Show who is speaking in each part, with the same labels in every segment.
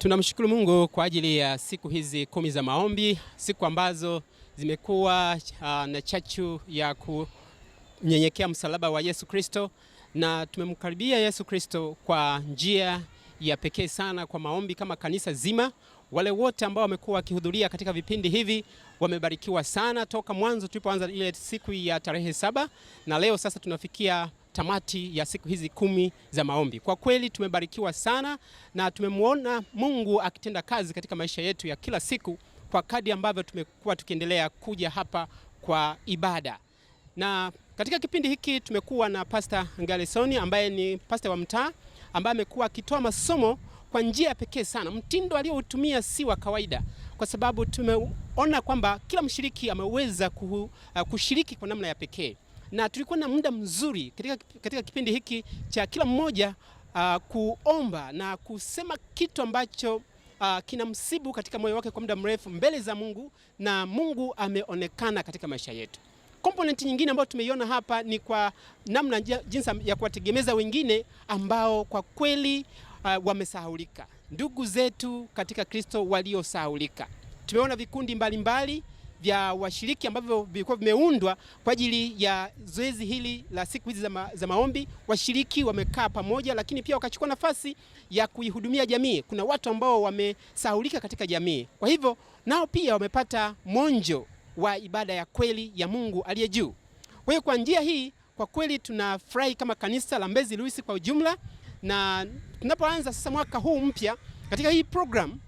Speaker 1: Tunamshukuru Mungu kwa ajili ya siku hizi kumi za maombi, siku ambazo zimekuwa uh, na chachu ya kunyenyekea msalaba wa Yesu Kristo, na tumemkaribia Yesu Kristo kwa njia ya pekee sana kwa maombi kama kanisa zima. Wale wote ambao wamekuwa wakihudhuria katika vipindi hivi wamebarikiwa sana, toka mwanzo tulipoanza ile siku ya tarehe saba na leo sasa tunafikia tamati ya siku hizi kumi za maombi. Kwa kweli tumebarikiwa sana na tumemwona Mungu akitenda kazi katika maisha yetu ya kila siku kwa kadi ambavyo tumekuwa tukiendelea kuja hapa kwa ibada. Na katika kipindi hiki tumekuwa na Pastor Ngalesoni ambaye ni pastor wa mtaa ambaye amekuwa akitoa masomo kwa njia ya pekee sana. Mtindo aliyoutumia si wa kawaida, kwa sababu tumeona kwamba kila mshiriki ameweza uh, kushiriki kwa namna ya pekee na tulikuwa na muda mzuri katika, katika kipindi hiki cha kila mmoja uh, kuomba na kusema kitu ambacho Uh, kina msibu katika moyo wake kwa muda mrefu mbele za Mungu na Mungu ameonekana katika maisha yetu. Komponenti nyingine ambayo tumeiona hapa ni kwa namna jinsi ya kuwategemeza wengine ambao kwa kweli uh, ah, wamesahulika. Ndugu zetu katika Kristo waliosahulika. Tumeona vikundi mbalimbali mbali, vya washiriki ambavyo vilikuwa vimeundwa kwa ajili ya zoezi hili la siku hizi za, ma, za maombi. Washiriki wamekaa pamoja, lakini pia wakachukua nafasi ya kuihudumia jamii. Kuna watu ambao wamesahulika katika jamii, kwa hivyo nao pia wamepata monjo wa ibada ya kweli ya Mungu aliye juu. Kwa hiyo kwa njia hii kwa kweli tunafurahi kama kanisa la Mbezi Luis kwa ujumla, na tunapoanza sasa mwaka huu mpya katika hii program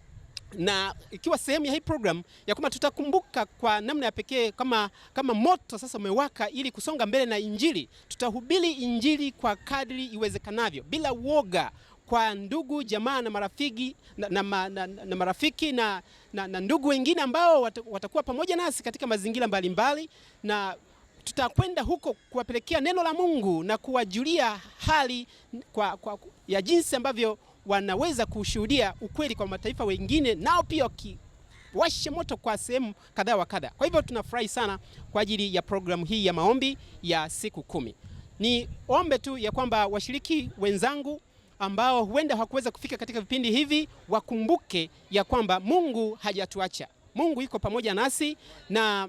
Speaker 1: na ikiwa sehemu ya hii program ya kwamba tutakumbuka kwa namna ya pekee kama, kama moto sasa umewaka ili kusonga mbele na Injili. Tutahubiri Injili kwa kadri iwezekanavyo bila woga kwa ndugu jamaa na marafiki na, na, na, na, na, marafiki na, na, na ndugu wengine ambao watakuwa pamoja nasi katika mazingira mbalimbali na tutakwenda huko kuwapelekea neno la Mungu na kuwajulia hali kwa, kwa, ya jinsi ambavyo wanaweza kushuhudia ukweli kwa mataifa wengine, nao pia wakiwashe moto kwa sehemu kadha wa kadhaa Kwa hivyo tunafurahi sana kwa ajili ya programu hii ya maombi ya siku kumi. Ni ombe tu ya kwamba washiriki wenzangu ambao huenda hawakuweza kufika katika vipindi hivi wakumbuke ya kwamba Mungu hajatuacha, Mungu yuko pamoja nasi na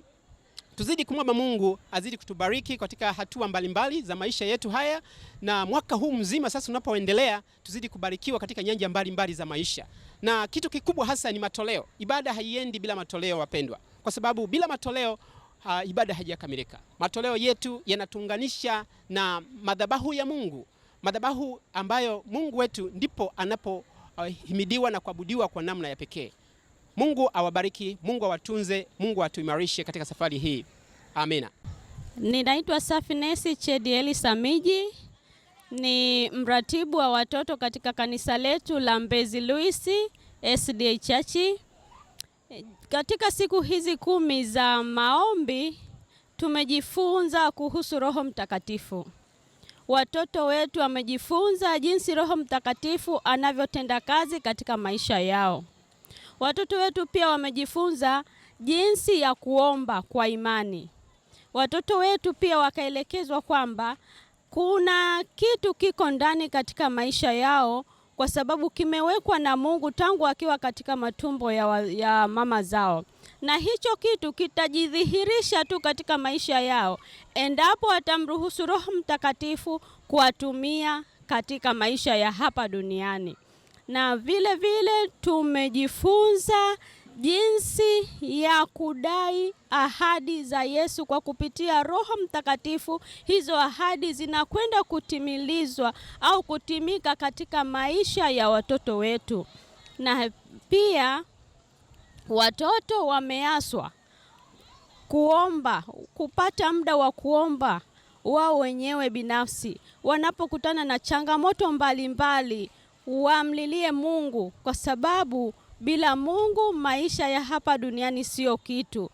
Speaker 1: Tuzidi kumwomba Mungu azidi kutubariki katika hatua mbalimbali za maisha yetu haya, na mwaka huu mzima sasa unapoendelea, tuzidi kubarikiwa katika nyanja mbalimbali mbali za maisha, na kitu kikubwa hasa ni matoleo. Ibada haiendi bila matoleo, wapendwa, kwa sababu bila matoleo ha, ibada haijakamilika. Matoleo yetu yanatuunganisha na madhabahu ya Mungu, madhabahu ambayo Mungu wetu ndipo anapohimidiwa uh, na kuabudiwa kwa namna ya pekee. Mungu awabariki, Mungu awatunze, Mungu atuimarishe katika safari hii. Amina.
Speaker 2: Ninaitwa Safinesi Chedieli Samiji, ni mratibu wa watoto katika kanisa letu la Mbezi luis SDA Church. Katika siku hizi kumi za maombi tumejifunza kuhusu Roho Mtakatifu. Watoto wetu wamejifunza jinsi Roho Mtakatifu anavyotenda kazi katika maisha yao. Watoto wetu pia wamejifunza jinsi ya kuomba kwa imani. Watoto wetu pia wakaelekezwa kwamba kuna kitu kiko ndani katika maisha yao kwa sababu kimewekwa na Mungu tangu akiwa katika matumbo ya, wa, ya mama zao, na hicho kitu kitajidhihirisha tu katika maisha yao endapo watamruhusu Roho Mtakatifu kuwatumia katika maisha ya hapa duniani na vile vile tumejifunza jinsi ya kudai ahadi za Yesu kwa kupitia Roho Mtakatifu. Hizo ahadi zinakwenda kutimilizwa au kutimika katika maisha ya watoto wetu, na pia watoto wameaswa kuomba, kupata muda wa kuomba wao wenyewe binafsi wanapokutana na changamoto mbalimbali mbali wamlilie Mungu, kwa sababu bila Mungu maisha ya hapa duniani siyo kitu.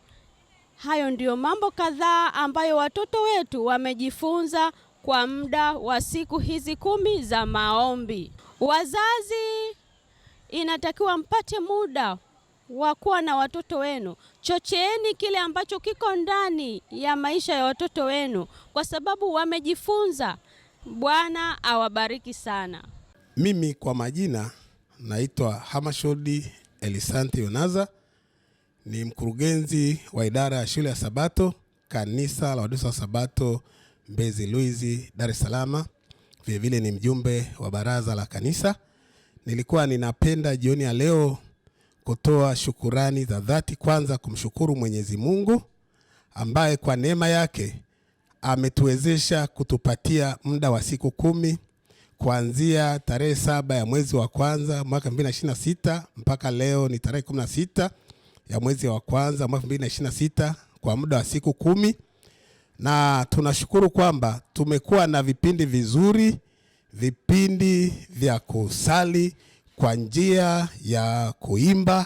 Speaker 2: Hayo ndiyo mambo kadhaa ambayo watoto wetu wamejifunza kwa muda wa siku hizi kumi za maombi. Wazazi, inatakiwa mpate muda wa kuwa na watoto wenu. Chocheeni kile ambacho kiko ndani ya maisha ya watoto wenu, kwa sababu wamejifunza. Bwana awabariki sana.
Speaker 3: Mimi kwa majina naitwa Hamashodi Elisante Yonaza, ni mkurugenzi wa idara ya shule ya Sabato, kanisa la Waadventista wa Sabato Mbezi Luizi, Dar es Salaam. Vilevile ni mjumbe wa baraza la kanisa. Nilikuwa ninapenda jioni ya leo kutoa shukurani za dhati, kwanza kumshukuru Mwenyezi Mungu ambaye kwa neema yake ametuwezesha kutupatia muda wa siku kumi kuanzia tarehe saba ya mwezi wa kwanza mwaka 2026 mpaka leo ni tarehe 16 ya mwezi wa kwanza mwaka 2026 kwa muda wa siku kumi, na tunashukuru kwamba tumekuwa na vipindi vizuri, vipindi vya kusali kwa njia ya kuimba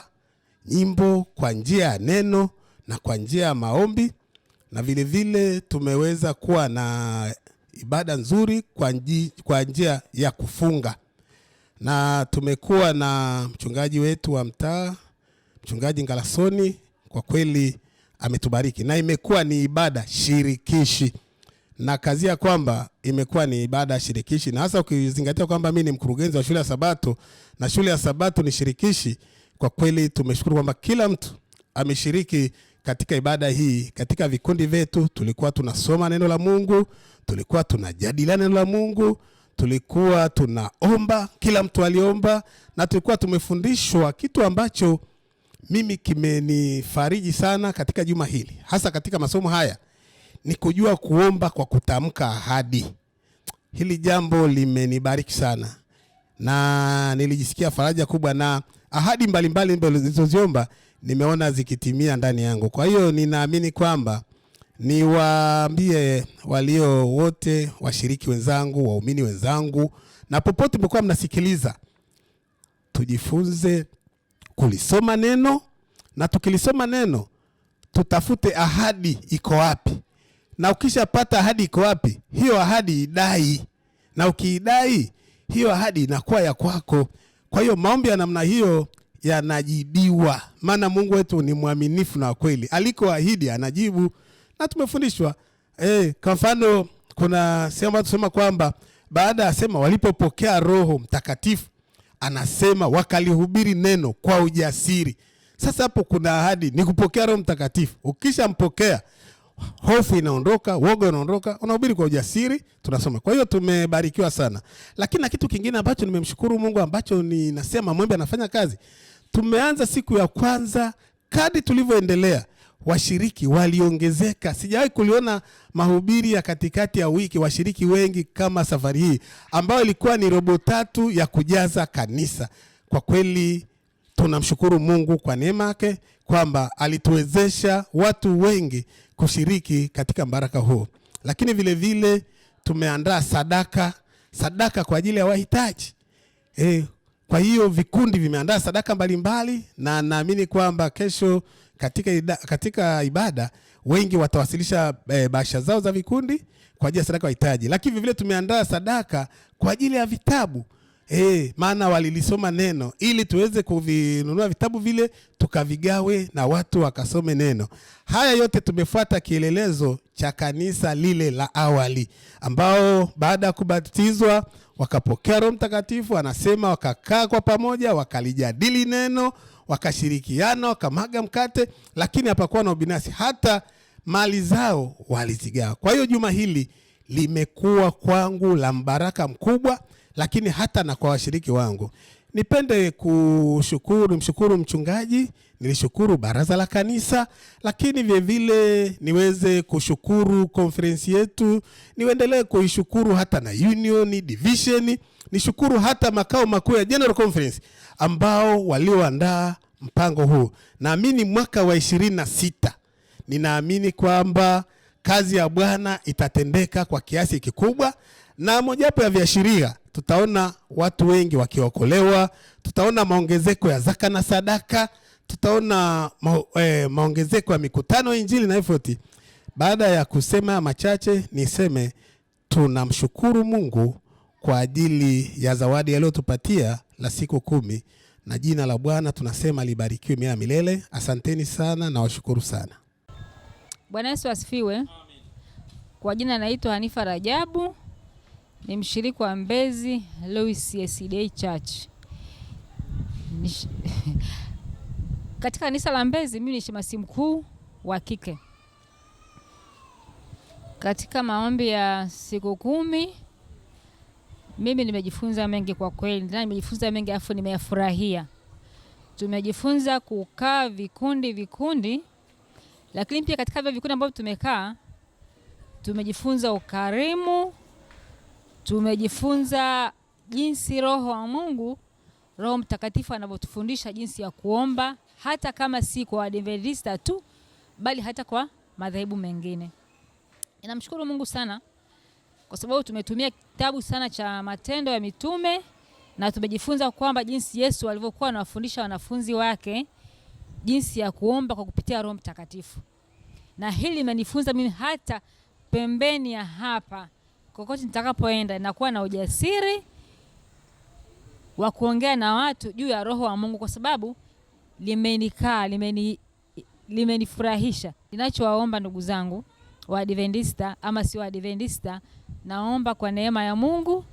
Speaker 3: nyimbo, kwa njia ya neno na kwa njia ya maombi, na vilevile vile tumeweza kuwa na ibada nzuri kwa, nji, kwa njia ya kufunga, na tumekuwa na mchungaji wetu wa mtaa mchungaji Ngalasoni, kwa kweli ametubariki na imekuwa ni ibada shirikishi na kazi ya kwamba imekuwa ni ibada shirikishi, na hasa ukizingatia kwamba mimi ni mkurugenzi wa shule ya Sabato na shule ya Sabato ni shirikishi. Kwa kweli tumeshukuru kwamba kila mtu ameshiriki katika ibada hii, katika vikundi vyetu tulikuwa tunasoma neno la Mungu, tulikuwa tunajadiliana neno la Mungu, tulikuwa tunaomba, kila mtu aliomba, na tulikuwa tumefundishwa kitu ambacho mimi kimenifariji sana katika juma hili, hasa katika masomo haya, ni kujua kuomba kwa kutamka ahadi. Hili jambo limenibariki sana na nilijisikia faraja kubwa, na ahadi mbalimbali nilizoziomba mbali zilizoziomba nimeona zikitimia ndani yangu. Kwa hiyo ninaamini kwamba niwaambie walio wote, washiriki wenzangu, waumini wenzangu, na popote mlikuwa mnasikiliza, tujifunze kulisoma neno, na tukilisoma neno tutafute ahadi iko wapi, na ukishapata ahadi iko wapi, hiyo ahadi idai, na ukiidai hiyo ahadi inakuwa ya kwako. Kwa hiyo maombi ya namna hiyo yanajibiwa, maana Mungu wetu ni mwaminifu na kweli, alikoahidi anajibu, na tumefundishwa eh. Kwa mfano, kuna sehemu tusema kwamba baada ya sema walipopokea Roho Mtakatifu, anasema wakalihubiri neno kwa ujasiri. Sasa hapo kuna ahadi, ni kupokea Roho Mtakatifu. Ukishampokea hofu inaondoka, woga unaondoka, unahubiri kwa ujasiri, tunasoma. Kwa hiyo tumebarikiwa sana, lakini na kitu kingine ambacho nimemshukuru Mungu ambacho ninasema mwembe anafanya kazi tumeanza siku ya kwanza, kadi tulivyoendelea washiriki waliongezeka. Sijawahi kuliona mahubiri ya katikati ya wiki washiriki wengi kama safari hii, ambayo ilikuwa ni robo tatu ya kujaza kanisa. Kwa kweli tunamshukuru Mungu kwa neema yake kwamba alituwezesha watu wengi kushiriki katika mbaraka huu, lakini vilevile vile, tumeandaa sadaka sadaka kwa ajili ya wahitaji. eh, kwa hiyo vikundi vimeandaa sadaka mbalimbali mbali, na naamini kwamba kesho katika, ida, katika ibada wengi watawasilisha e, bahasha zao za vikundi kwa ajili ya sadaka wahitaji, lakini vile tumeandaa sadaka kwa ajili ya vitabu hey, eh, maana walilisoma neno ili tuweze kuvinunua vitabu vile tukavigawe na watu wakasome neno. Haya yote tumefuata kielelezo cha kanisa lile la awali, ambao baada ya kubatizwa wakapokea Roho Mtakatifu, anasema wakakaa kwa pamoja, wakalijadili neno, wakashirikiana, wakamaga mkate, lakini hapakuwa na ubinafsi, hata mali zao walizigawa. Kwa hiyo juma hili limekuwa kwangu la mbaraka mkubwa lakini hata na kwa washiriki wangu. Nipende kushukuru, mshukuru mchungaji, nilishukuru baraza la kanisa, lakini vilevile niweze kushukuru konferensi yetu, niendelee kuishukuru hata na union division, nishukuru hata makao makuu ya General Conference ambao walioandaa mpango huu. Naamini mwaka wa ishirini na sita, ninaamini kwamba kazi ya Bwana itatendeka kwa kiasi kikubwa, na mojawapo ya viashiria tutaona watu wengi wakiokolewa, tutaona maongezeko ya zaka na sadaka, tutaona ma, e, maongezeko ya mikutano injili na effort. Baada ya kusema machache, niseme tunamshukuru Mungu kwa ajili ya zawadi aliyotupatia la siku kumi, na jina la Bwana tunasema libarikiwe mila milele. Asanteni sana na washukuru sana.
Speaker 2: Bwana Yesu asifiwe. Kwa jina naitwa Hanifa Rajabu ni mshiriki wa Mbezi Louis SDA Church Nish... katika kanisa la Mbezi mimi ni shemasi mkuu wa kike. Katika maombi ya siku kumi mimi nimejifunza mengi kwa kweli, na nimejifunza mengi afu nimeyafurahia. Tumejifunza kukaa vikundi vikundi, lakini pia katika vile vikundi ambavyo tumekaa tumejifunza ukarimu tumejifunza jinsi Roho wa Mungu, Roho Mtakatifu anavyotufundisha jinsi ya kuomba, hata kama si kwa Adventista tu, bali hata kwa madhehebu mengine. Ninamshukuru Mungu sana kwa sababu tumetumia kitabu sana cha Matendo ya Mitume na tumejifunza kwamba jinsi Yesu alivyokuwa anawafundisha wanafunzi wake jinsi ya kuomba kwa kupitia Roho Mtakatifu, na hili limenifunza mimi hata pembeni ya hapa kokote nitakapoenda nakuwa na ujasiri wa kuongea na watu juu ya roho wa Mungu kwa sababu limenikaa limeni limenifurahisha. Ninachowaomba ndugu zangu wa Adventista ama si wa Adventista, naomba kwa neema ya Mungu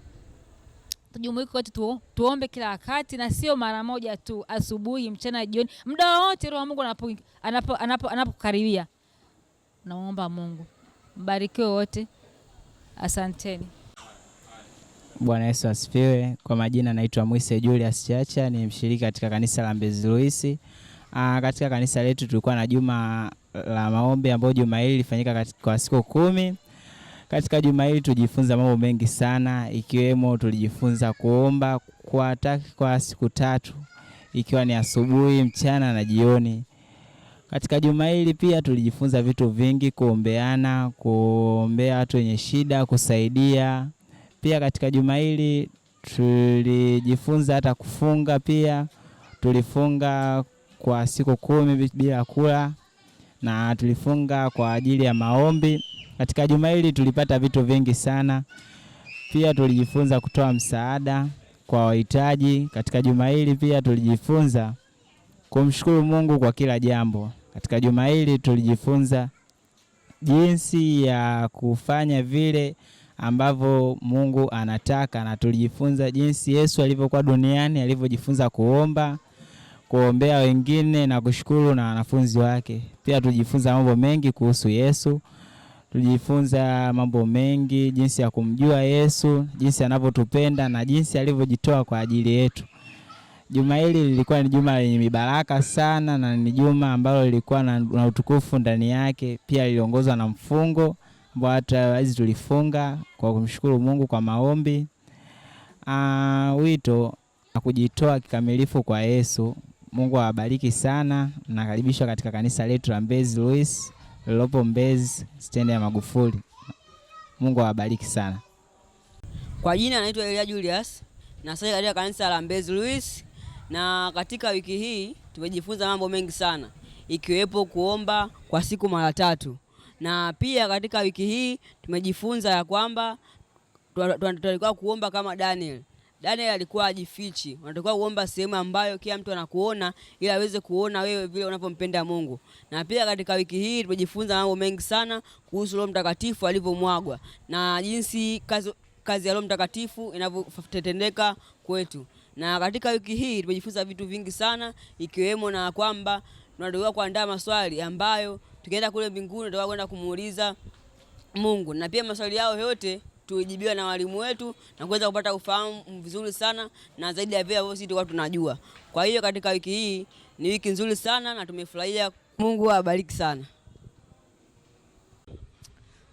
Speaker 2: tujumuike wote tu, tuombe kila wakati na sio mara moja tu, asubuhi, mchana, jioni, muda wowote roho wa Mungu anapokaribia. Naomba Mungu mbarikiwe wote. Asanteni.
Speaker 4: Bwana Yesu asifiwe. Kwa majina naitwa Mwise Julius Chacha, ni mshiriki katika kanisa la Mbezi Luisi. Ah, katika kanisa letu tulikuwa na juma la maombi ambayo juma hili lilifanyika kwa siku kumi. Katika juma hili tujifunza mambo mengi sana, ikiwemo tulijifunza kuomba kwa, kwa siku tatu ikiwa ni asubuhi, mchana na jioni. Katika juma hili pia tulijifunza vitu vingi, kuombeana, kuombea watu wenye shida, kusaidia. Pia katika juma hili tulijifunza hata kufunga pia. Tulifunga kwa siku kumi bila kula na tulifunga kwa ajili ya maombi. Katika juma hili tulipata vitu vingi sana. Pia tulijifunza kutoa msaada kwa wahitaji. Katika juma hili pia tulijifunza kumshukuru Mungu kwa kila jambo. Katika juma hili tulijifunza jinsi ya kufanya vile ambavyo Mungu anataka, na tulijifunza jinsi Yesu alivyokuwa duniani, alivyojifunza kuomba, kuombea wengine na kushukuru na wanafunzi wake. Pia tulijifunza mambo mengi kuhusu Yesu. Tulijifunza mambo mengi, jinsi ya kumjua Yesu, jinsi anavyotupenda na jinsi alivyojitoa kwa ajili yetu. Juma hili lilikuwa ni juma lenye mibaraka sana na ni juma ambalo lilikuwa na, na utukufu ndani yake. Pia liliongozwa na mfungo ambao hata hizi tulifunga kwa kumshukuru Mungu kwa maombi. Aa, ah, wito na kujitoa kikamilifu kwa Yesu. Mungu awabariki sana. Nakaribishwa katika kanisa letu la Mbezi Luis lilopo Mbezi stendi ya Magufuli. Mungu awabariki sana.
Speaker 5: Kwa jina anaitwa Elia Julius, nasali katika kanisa la Mbezi Luis na katika wiki hii tumejifunza mambo mengi sana, ikiwepo kuomba kwa siku mara tatu, na pia katika wiki hii tumejifunza ya kwamba tunatakiwa kuomba kama Daniel. Daniel alikuwa ajifichi, unatakiwa kuomba sehemu ambayo kila mtu anakuona, ili aweze kuona wewe vile unavyompenda Mungu. Na pia katika wiki hii tumejifunza mambo mengi sana kuhusu Roho Mtakatifu alivyomwagwa na jinsi kazi, kazi ya Roho Mtakatifu inavyotendeka kwetu. Na katika wiki hii tumejifunza vitu vingi sana, ikiwemo na kwamba tunatakiwa kuandaa maswali ambayo tukienda kule mbinguni tutakuwa kwenda kumuuliza Mungu, na pia maswali yao yote tujibiwa na walimu wetu na kuweza kupata ufahamu vizuri sana na zaidi ya vile ambavyo sisi tulikuwa tunajua. Kwa hiyo katika wiki hii ni wiki nzuri sana na tumefurahia. Mungu awabariki sana.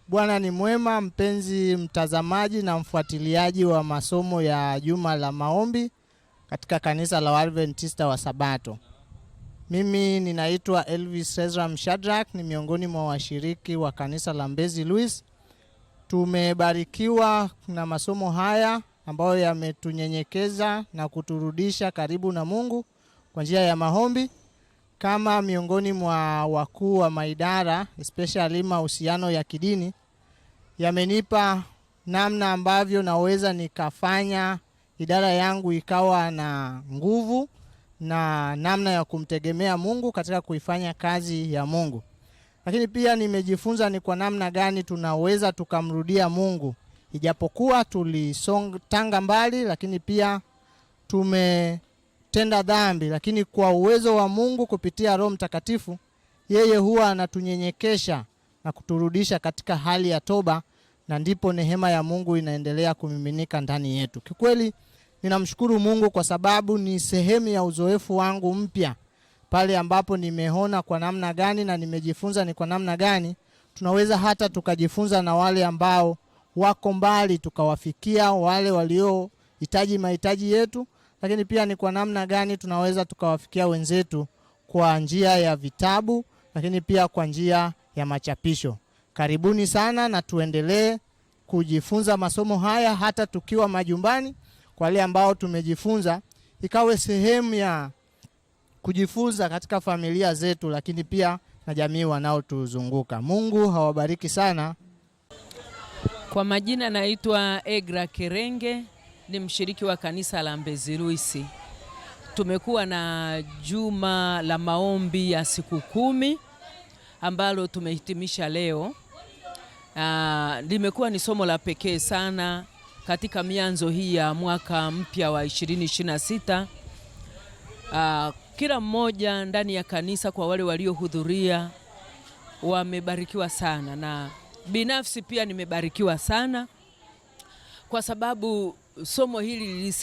Speaker 6: Bwana ni mwema, mpenzi mtazamaji na mfuatiliaji wa masomo ya Juma la Maombi katika kanisa la Waadventista wa Sabato. Mimi ninaitwa Elvis Ezra Mshadrak, ni miongoni mwa washiriki wa kanisa la Mbezi Luis. Tumebarikiwa na masomo haya ambayo yametunyenyekeza na kuturudisha karibu na Mungu kwa njia ya maombi. Kama miongoni mwa wakuu wa maidara, especially mahusiano ya kidini, yamenipa namna ambavyo naweza nikafanya idara yangu ikawa na nguvu na namna ya kumtegemea Mungu katika kuifanya kazi ya Mungu. Lakini pia nimejifunza ni kwa namna gani tunaweza tukamrudia Mungu ijapokuwa tulisonga mbali, lakini pia tumetenda dhambi, lakini kwa uwezo wa Mungu kupitia Roho Mtakatifu, yeye huwa anatunyenyekesha na kuturudisha katika hali ya toba, na ndipo nehema ya Mungu inaendelea kumiminika ndani yetu. Kikweli Ninamshukuru Mungu kwa sababu ni sehemu ya uzoefu wangu mpya pale ambapo nimeona kwa namna gani na nimejifunza ni kwa namna gani tunaweza hata tukajifunza na wale ambao wako mbali, tukawafikia wale waliohitaji mahitaji yetu, lakini pia ni kwa namna gani tunaweza tukawafikia wenzetu kwa njia ya vitabu, lakini pia kwa njia ya machapisho. Karibuni sana na tuendelee kujifunza masomo haya hata tukiwa majumbani kwa wale ambao tumejifunza, ikawe sehemu ya kujifunza katika familia zetu, lakini pia na jamii wanaotuzunguka. Mungu hawabariki sana.
Speaker 7: Kwa majina naitwa Egra Kerenge, ni mshiriki wa kanisa la Mbezi Luisi. Tumekuwa na juma la maombi ya siku kumi ambalo tumehitimisha leo. Aa, ah, limekuwa ni somo la pekee sana katika mianzo hii ya mwaka mpya wa 2026. Uh, ah, kila mmoja ndani ya kanisa kwa wale waliohudhuria wamebarikiwa sana, na binafsi pia nimebarikiwa sana kwa sababu somo hili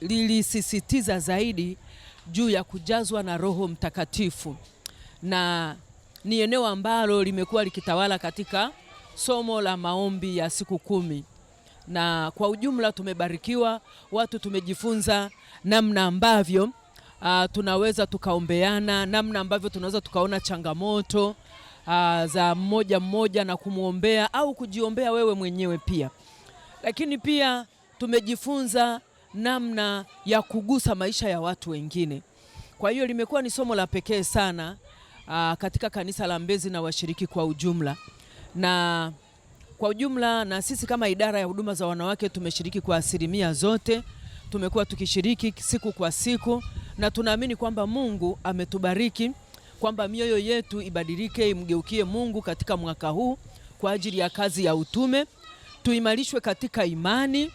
Speaker 7: lilisisitiza zaidi juu ya kujazwa na Roho Mtakatifu, na ni eneo ambalo limekuwa likitawala katika somo la maombi ya siku kumi na kwa ujumla tumebarikiwa, watu tumejifunza namna ambavyo Uh, tunaweza tukaombeana namna ambavyo tunaweza tukaona changamoto uh, za mmoja mmoja na kumwombea au kujiombea wewe mwenyewe pia. Lakini pia tumejifunza namna ya kugusa maisha ya watu wengine. Kwa hiyo limekuwa ni somo la pekee sana uh, katika kanisa la Mbezi na washiriki kwa ujumla na kwa ujumla, na sisi kama idara ya huduma za wanawake tumeshiriki kwa asilimia zote, tumekuwa tukishiriki siku kwa siku, na tunaamini kwamba Mungu ametubariki kwamba mioyo yetu ibadilike, imgeukie Mungu katika mwaka huu kwa ajili ya kazi ya utume, tuimarishwe katika imani.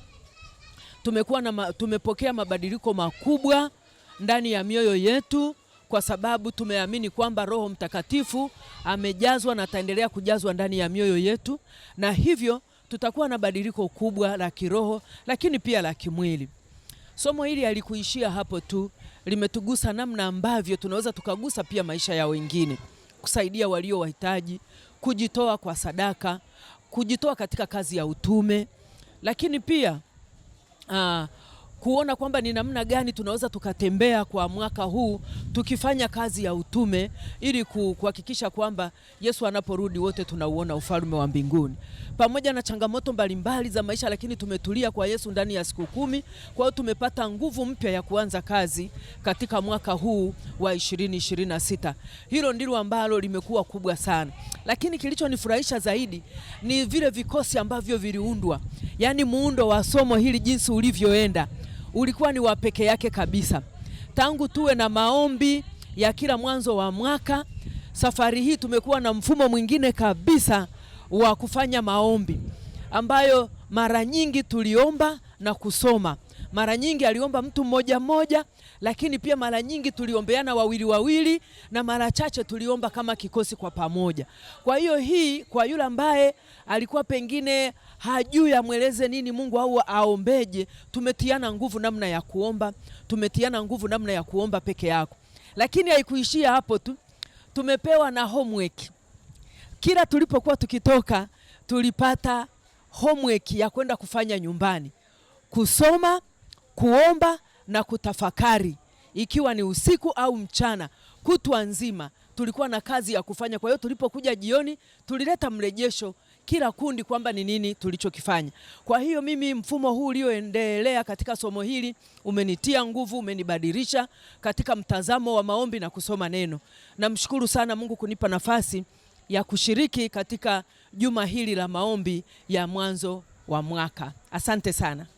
Speaker 7: Tumekuwa na ma, tumepokea mabadiliko makubwa ndani ya mioyo yetu kwa sababu tumeamini kwamba Roho Mtakatifu amejazwa na ataendelea kujazwa ndani ya mioyo yetu, na hivyo tutakuwa na badiliko kubwa la kiroho, lakini pia la kimwili. Somo hili halikuishia hapo tu, limetugusa namna ambavyo tunaweza tukagusa pia maisha ya wengine, kusaidia walio wahitaji, kujitoa kwa sadaka, kujitoa katika kazi ya utume, lakini pia aa, ah, kuona kwamba ni namna gani tunaweza tukatembea kwa mwaka huu tukifanya kazi ya utume ili kuhakikisha kwamba Yesu anaporudi wote tunauona ufalme wa mbinguni, pamoja na changamoto mbalimbali za maisha, lakini tumetulia kwa Yesu ndani ya siku kumi. Kwa hiyo tumepata nguvu mpya ya kuanza kazi katika mwaka huu wa 2026. Hilo ndilo ambalo limekuwa kubwa sana, lakini kilichonifurahisha zaidi ni vile vikosi ambavyo viliundwa, yaani muundo wa somo hili jinsi ulivyoenda ulikuwa ni wa peke yake kabisa. Tangu tuwe na maombi ya kila mwanzo wa mwaka, safari hii tumekuwa na mfumo mwingine kabisa wa kufanya maombi ambayo mara nyingi tuliomba na kusoma mara nyingi aliomba mtu mmoja mmoja, lakini pia mara nyingi tuliombeana wawili wawili, na mara chache tuliomba kama kikosi kwa pamoja. Kwa hiyo hii kwa yule ambaye alikuwa pengine hajui amweleze nini Mungu au aombeje, tumetiana nguvu namna ya kuomba, tumetiana nguvu namna ya kuomba peke yako, lakini haikuishia hapo tu. Tumepewa na homework kila tulipokuwa tukitoka tulipata homework ya kwenda kufanya nyumbani, kusoma kuomba na kutafakari, ikiwa ni usiku au mchana, kutwa nzima tulikuwa na kazi ya kufanya. Kwa hiyo tulipokuja jioni, tulileta mrejesho kila kundi kwamba ni nini tulichokifanya. Kwa hiyo mimi, mfumo huu ulioendelea katika somo hili umenitia nguvu, umenibadilisha katika mtazamo wa maombi na kusoma neno. Namshukuru sana Mungu kunipa nafasi ya kushiriki katika juma hili la maombi ya mwanzo wa mwaka. Asante sana.